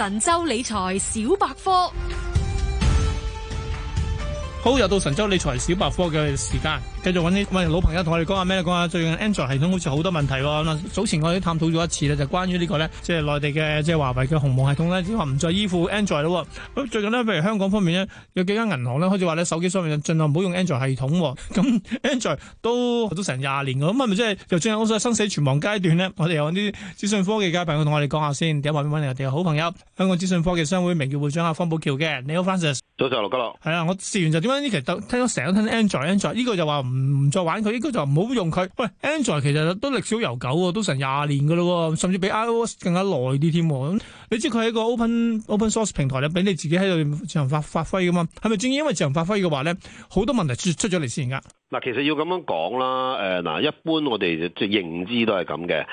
神州理財小百科，好，又到神州理財小百科嘅時間。繼續揾啲老朋友同我哋講下咩？講下最近 Android 系統好似好多問題喎。咁啊，早前我哋探討咗一次咧，就關於呢個咧，即係內地嘅即係華為嘅鴻蒙系統咧，即係唔再依附 Android 咯。咁最近咧，譬如香港方面咧，有幾間銀行咧開始話咧手機上面盡量唔好用 Android 系統。咁 Android 都成廿年嘅，咁係咪即係又進入嗰個生死存亡階段咧？我哋有啲資訊科技界朋友同我哋講下先。第一話要哋嚟，好朋友香港資訊科技商會名譽會長阿方保僑嘅，你好 Francis。早上陸家樂。係啊，我試完就點解呢期得聽到成日聽 Android？Android 呢 Android, 個就話。唔再玩佢，應該就唔好用佢。喂，Android 其實都歷史悠久，都成廿年噶咯，甚至比 iOS 更加耐啲添。你知佢喺個 open open source 平台咧，俾你自己喺度自行發發揮噶嘛。係咪正因為自行發揮嘅話咧，好多問題出出咗嚟先噶？嗱，其實要咁樣講啦，誒，嗱，一般我哋即認知都係咁嘅。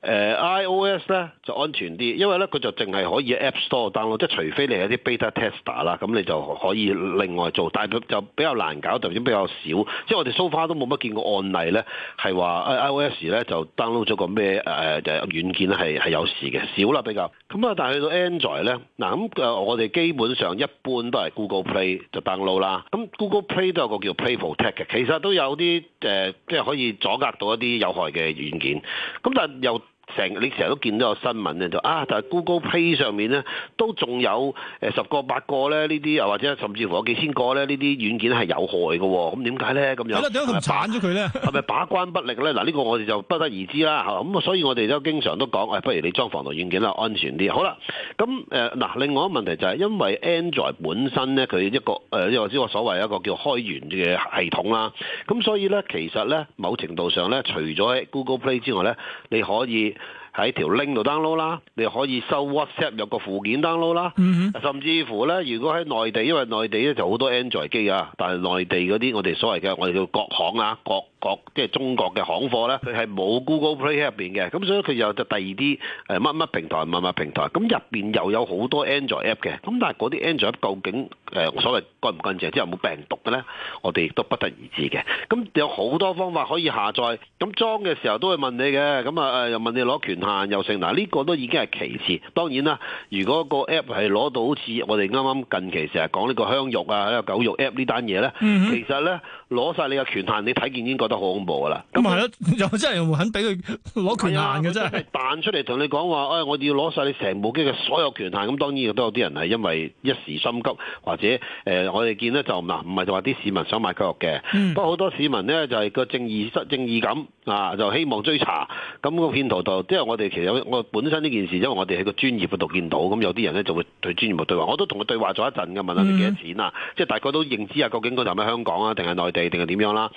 呃、I O S 咧就安全啲，因為咧佢就淨係可以 App Store download，即係除非你係啲 beta tester 啦，咁你就可以另外做，但係佢就比較難搞，特別啲比較少，即係我哋 so far 都冇乜見過案例咧，係話 I O S 咧就 download 咗個咩誒誒軟件係係有事嘅，少啦，比較。咁啊，但係去到 Android 咧，嗱咁我哋基本上一般都係 Google Play 就 download 啦，咁 Google Play 都有個叫 Play Protect 嘅，其實都有啲即係可以阻隔到一啲有害嘅軟件，咁但係又。成你成日都見到個新聞咧，就啊，但係 Google Play 上面咧都仲有誒十個八個咧呢啲，又或者甚至乎有幾千個咧呢啲軟件係有害嘅喎，咁點解咧？咁樣係咪鏟咗佢咧？係咪 把關不力咧？嗱、啊，呢、這個我哋就不得而知啦嚇咁啊，所以我哋都經常都講，誒、啊，不如你裝防毒軟件啦，安全啲。好啦，咁嗱、啊，另外一個問題就係、是、因為 Android 本身咧，佢一個誒，即、呃、我知我所謂一個叫開源嘅系統啦。咁、啊、所以咧，其實咧，某程度上咧，除咗 Google Play 之外咧，你可以。喺條 link 度 download 啦，你可以收 WhatsApp 有個附件 download 啦，mm -hmm. 甚至乎咧，如果喺內地，因為內地咧就好多 Android 機啊，但係內地嗰啲我哋所謂嘅，我哋叫國行啊，國。國即係中國嘅行貨咧，佢係冇 Google Play 喺入邊嘅，咁所以佢又就第二啲誒乜乜平台、乜乜平台，咁入邊又有好多 Android app 嘅，咁但係嗰啲 Android 究竟誒所謂乾唔乾淨，即係有冇病毒嘅咧，我哋亦都不得而知嘅。咁有好多方法可以下載，咁裝嘅時候都會問你嘅，咁啊誒又問你攞權限又成，嗱呢個都已經係其次。當然啦，如果個 app 係攞到好似我哋啱啱近期成日講呢個香肉啊、狗肉 app 呢單嘢咧，其實咧。攞晒你嘅權限，你睇見已經覺得好恐怖噶啦！咁咪係咯，又真係又肯俾佢攞權限嘅真係彈出嚟同你講話，誒、哎，我要攞晒你成部機嘅所有權限。咁當然亦都有啲人係因為一時心急，或者誒、呃，我哋見咧就嗱，唔係就話啲市民想買居屋嘅。不過好多市民呢，就係、是、個正義失正義感啊，就希望追查。咁個騙徒就即係我哋其實我本身呢件事，因為我哋喺個專業度見到，咁有啲人呢，就會對專業部對話。我都同佢對話咗一陣嘅，問下你幾多錢啊、嗯？即係大家都認知啊，究竟嗰度係咪香港啊，定係內地？定係點樣啦？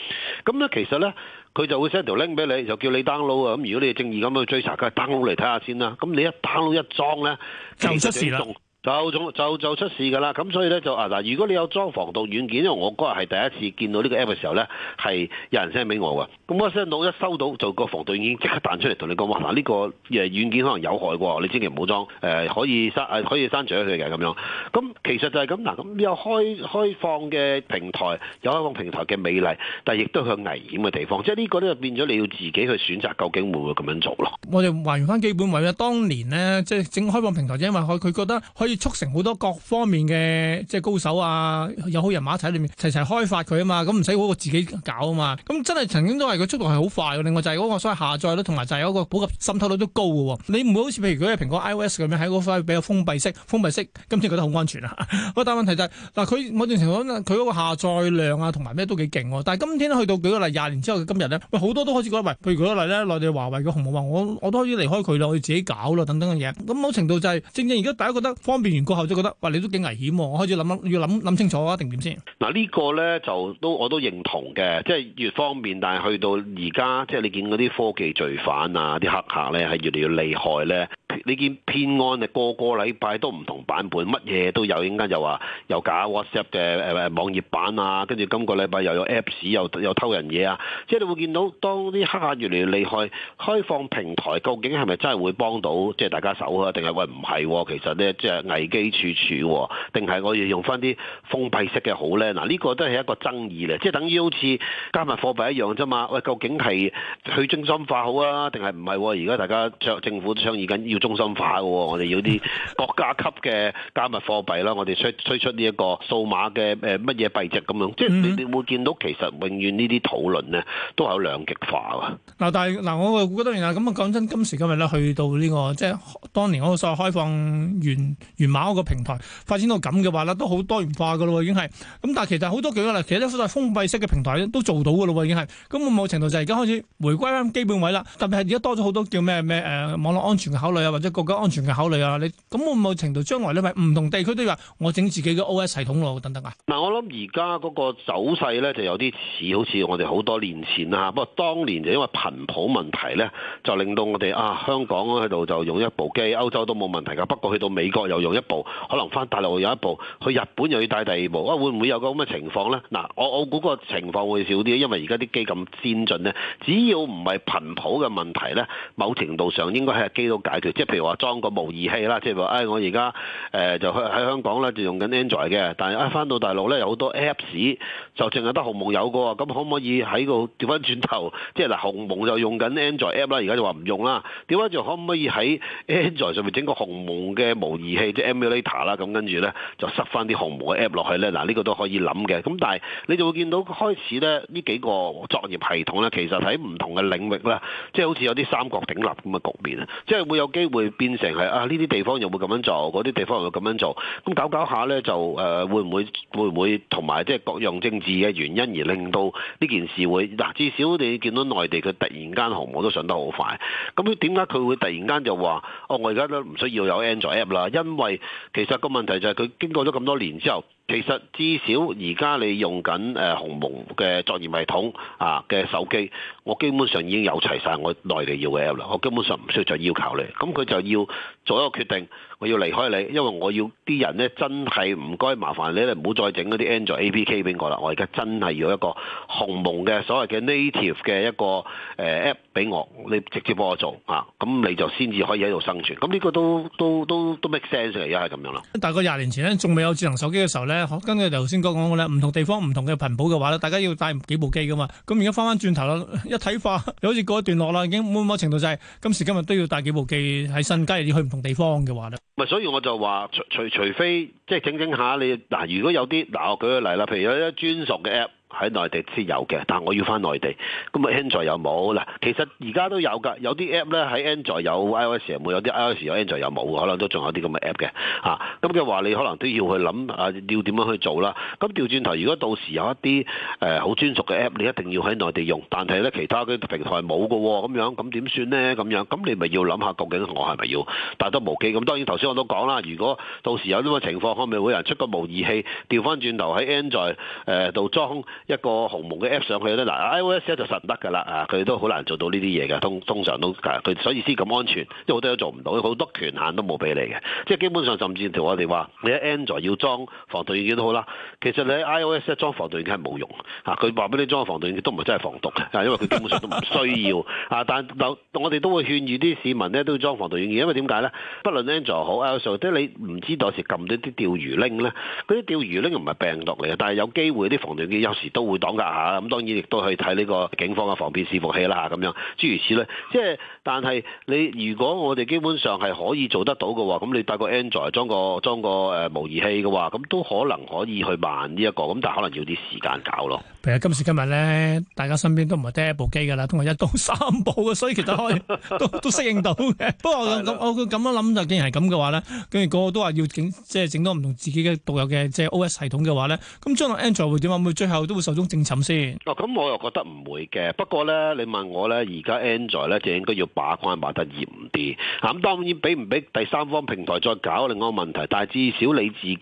咁咧其實咧，佢就會 send 條 link 俾你，就叫你 download 啊。咁如果你係正義咁去追查，梗係 download 嚟睇下先啦。咁你一 download 一裝咧，就唔出事啦。就就就出事噶啦，咁所以咧就啊嗱，如果你有裝防毒軟件，因為我嗰日係第一次見到呢個 app 嘅時候咧，係有人 send 俾我噶，咁我 send 到一收到就個防毒軟件即刻彈出嚟，同你講話嗱，呢、這個誒軟件可能有害喎，你千祈唔好裝，誒、呃、可以刪、啊、可以刪除佢嘅咁樣。咁其實就係咁嗱，咁、啊、有開開放嘅平台，有開放平台嘅美麗，但係亦都向危險嘅地方，即係呢個咧就變咗你要自己去選擇究竟會唔會咁樣做咯。我哋還原翻基本位啊，當年呢，即係整開放平台，因為佢覺得促成好多各方面嘅即係高手啊，有好人馬一齊喺裏面齊齊開發佢啊嘛，咁唔使嗰個自己搞啊嘛。咁真係曾經都係個速度係好快嘅，另外就係嗰個所謂下載率同埋就係嗰個普及滲透率都高嘅。你唔會好似譬如如果係蘋果 iOS 咁樣喺嗰塊比較封閉式、封閉式，今次覺得好安全啊。但 係問題就係、是、嗱，佢某段情況佢嗰個下載量啊同埋咩都幾勁。但係今天去到舉個例廿年之後嘅今日咧，喂好多都開始覺得，喂譬如舉個例咧，內地華為嘅鴻蒙，我我都可以離開佢，我要自己搞咯等等嘅嘢。咁某程度就係、是、正正而家大家覺得變完過後就覺得，哇！你都幾危險，我開始諗諗，要諗諗清楚啊，定點先？嗱、這個，呢個咧就都我都認同嘅，即係越方便，但係去到而家，即係你見嗰啲科技罪犯啊，啲黑客咧係越嚟越厲害咧。你見騙案啊，個個禮拜都唔同版本，乜嘢都有。依家又話有假 WhatsApp 嘅誒網頁版啊，跟住今個禮拜又有 Apps 又又偷人嘢啊。即係你會見到，當啲黑客越嚟越厲害，開放平台究竟係咪真係會幫到即係大家手啊？定係喂唔係？其實咧，即係危機處處，定係我要用翻啲封閉式嘅好咧？嗱，呢個都係一個爭議嘅即係等於好似加密貨幣一樣啫嘛。喂，究竟係去中心化好啊？定係唔係？而家大家政府都倡議緊要。中心化嘅，我哋要啲國家級嘅加密貨幣啦，我哋推推出呢一個數碼嘅誒乜嘢幣值咁樣，即係你你會見到，其實永遠呢啲討論咧都係有兩極化啊！嗱，但係嗱，我覺得當然啦，咁啊講真，今時今日咧去到呢個即係當年嗰個所謂開放完完碼開放源源碼嗰個平台發展到咁嘅話咧，都好多元化嘅咯，已經係咁。但係其實好多幾個啦，其實咧封閉式嘅平台咧都做到嘅咯，已經係咁，某程度就係而家開始回歸返基本位啦，特別係而家多咗好多叫咩咩誒網絡安全嘅考慮啊！或者國家安全嘅考慮啊，你咁會唔會程度將來你唔同地區都話我整自己嘅 OS 系統咯等等啊？嗱，我諗而家嗰個走勢咧，就有啲似好似我哋好多年前啊，不過當年就因為頻譜問題咧，就令到我哋啊香港喺度就用一部機，歐洲都冇問題㗎，不過去到美國又用一部，可能返大陸又一部，去日本又要帶第二部，啊會唔會有個咁嘅情況咧？嗱，我我估個情況會少啲，因為而家啲機咁先進咧，只要唔係頻譜嘅問題咧，某程度上應該係機都解決。即譬如話裝個模擬器啦，即係話，唉，我而家誒就喺香港咧，就用緊 Android 嘅，但係一翻到大陸咧，有好多 Apps 就淨係得鴻蒙有，有那可可、那個，咁可唔可以喺度調翻轉頭？即係嗱，鴻蒙就用緊 Android App 啦，而家就話唔用啦，點解就可唔可以喺 Android 上面整個鴻蒙嘅模擬器，即係 Emulator 啦？咁跟住咧就塞翻啲鴻蒙嘅 App 落去咧，嗱、這、呢個都可以諗嘅。咁但係你就會見到開始咧呢幾個作業系統咧，其實喺唔同嘅領域咧，即係好似有啲三角鼎立咁嘅局面啊，即係會有機會。會變成係啊，呢啲地方又會咁樣做，嗰啲地方又會咁樣做，咁搞搞下呢，就誒、呃、會唔會會唔會同埋即係各樣政治嘅原因而令到呢件事會。嗱至少你見到內地佢突然間鴻蒙都上得好快，咁點解佢會突然間就話哦我而家都唔需要有 Android App 啦？因為其實個問題就係佢經過咗咁多年之後。其實至少而家你用緊誒鴻蒙嘅作業系統啊嘅手機，我基本上已經有齊晒我內地要嘅 APP 啦。我根本上唔需要再要求你，咁佢就要做一個決定，我要離開你，因為我要啲人咧真係唔該麻煩你咧，唔好再整嗰啲 Android APK 俾我啦。我而家真係要一個鴻蒙嘅所謂嘅 native 嘅一個 app 俾我，你直接幫我做啊，咁你就先至可以喺度生存。咁呢個都都都都 make sense 而家係咁樣啦。大概廿年前咧，仲未有智能手機嘅時候跟住頭先講講嘅咧，唔同地方唔同嘅頻譜嘅話咧，大家要帶幾部機噶嘛咁而家翻翻轉頭啦，一體化又好似過一段落啦，已經冇乜程度就係、是、今時今日都要帶幾部機喺身，今日要去唔同地方嘅話咧。唔係，所以我就話除除除非即係、就是、整整一下你嗱、啊，如果有啲嗱我舉個例啦，譬如有一專屬嘅 app。喺內地先有嘅，但係我要翻內地，咁啊 Android 又有冇嗱？其實而家都有噶，有啲 app 咧喺 Android 有，iOS 有冇？有啲 iOS 有，Android 又冇，可能都仲有啲咁嘅 app 嘅，嚇。咁嘅話，你可能都要去諗啊，要點樣去做啦？咁調轉頭，如果到時有一啲誒好專屬嘅 app，你一定要喺內地用，但係咧其他嘅平台冇嘅喎，咁樣咁點算咧？咁樣咁你咪要諗下究竟我係咪要？但係都無計，咁當然頭先我都講啦，如果到時有呢個情況，可唔可以會有人出個模擬器調翻轉頭喺 Android 誒度裝？裝一個鴻蒙嘅 app 上去咧，嗱、啊、iOS 咧就實唔得噶啦嚇，佢、啊、都好難做到呢啲嘢嘅，通通常都佢所以先咁安全，因為好多都做唔到，好多權限都冇俾你嘅，即係基本上甚至同我哋話你喺 Android 要裝防毒軟件都好啦，其實你喺 iOS 裝防毒軟件係冇用嚇，佢話俾你裝防毒軟件都唔係真係防毒，啊、因為佢基本上都唔需要嚇、啊，但我哋都會勸喻啲市民咧都要裝防毒軟件，因為點解咧？不論 Android 好 iOS，即係你唔知有時撳到啲釣魚 link 咧，嗰啲釣魚 link 唔係病毒嚟嘅，但係有機會啲防毒軟件有時，都會擋架下，咁當然亦都去睇呢個警方嘅防騙視伺器啦，咁樣諸如此類。即係但係你如果我哋基本上係可以做得到嘅話，咁你帶個 Android 裝個，個模擬器嘅話，咁都可能可以去扮呢一個，咁但係可能要啲時間搞咯。譬如今時今日咧，大家身邊都唔係得一部機㗎啦，都係一到三部嘅，所以其實可以 都都適應到嘅。 不過咁我佢咁樣諗就既然係咁嘅話咧，跟住個個都話要整即係整多唔同自己嘅獨有嘅即係 O.S 系統嘅話咧，咁將來 Android 會點啊？會，唔會最後都會。受中正沉先，咁我又覺得唔會嘅。不過咧，你問我咧，而家 Android 咧，就應該要把關把得嚴啲。咁、嗯、當然，俾唔俾第三方平台再搞另外個問題，但係至少你自己，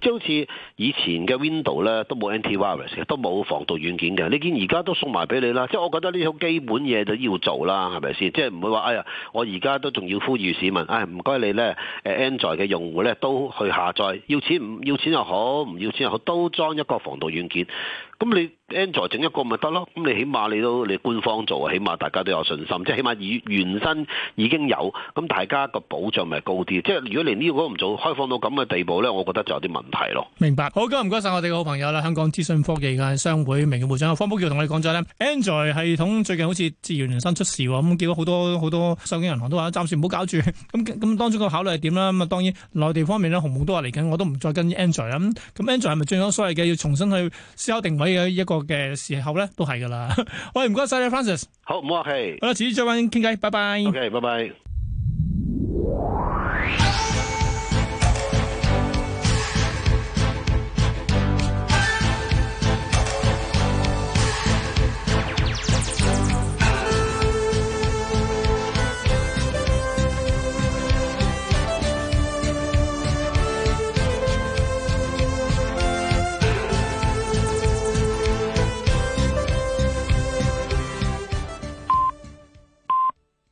即係好似以前嘅 Window 咧，都冇 Anti Virus，都冇防毒軟件嘅。你見而家都送埋俾你啦。即係我覺得呢種基本嘢就要做啦，係咪先？即係唔會話，哎呀，我而家都仲要呼籲市民，哎唔該你咧，Android 嘅用戶咧都去下載，要錢唔要錢又好，唔要錢又好，都裝一個防毒軟件。咁你？Android 整一個咪得咯，咁你起碼你都你官方做，起碼大家都有信心，即係起碼以原身已經有，咁大家個保障咪高啲。即係如果連呢個都唔做，開放到咁嘅地步咧，我覺得就有啲問題咯。明白，好，咁唔該晒我哋嘅好朋友啦，香港資訊科技嘅商會名譽會長方保僑同你講咗咧，Android 系統最近好似自然原生出事喎，咁叫咗好多好多受境銀行都話暫時唔好搞住，咁咁當中嘅考慮係點啦？咁啊，當然內地方面咧，鴻蒙都話嚟緊，我都唔再跟 Android 啦。咁 Android 係咪最正所謂嘅要重新去思考定位嘅一個？嘅時候咧，都係噶啦。喂，唔該晒你，Francis。好，唔好客氣。好啦，遲啲再揾傾偈，拜拜。OK，拜拜。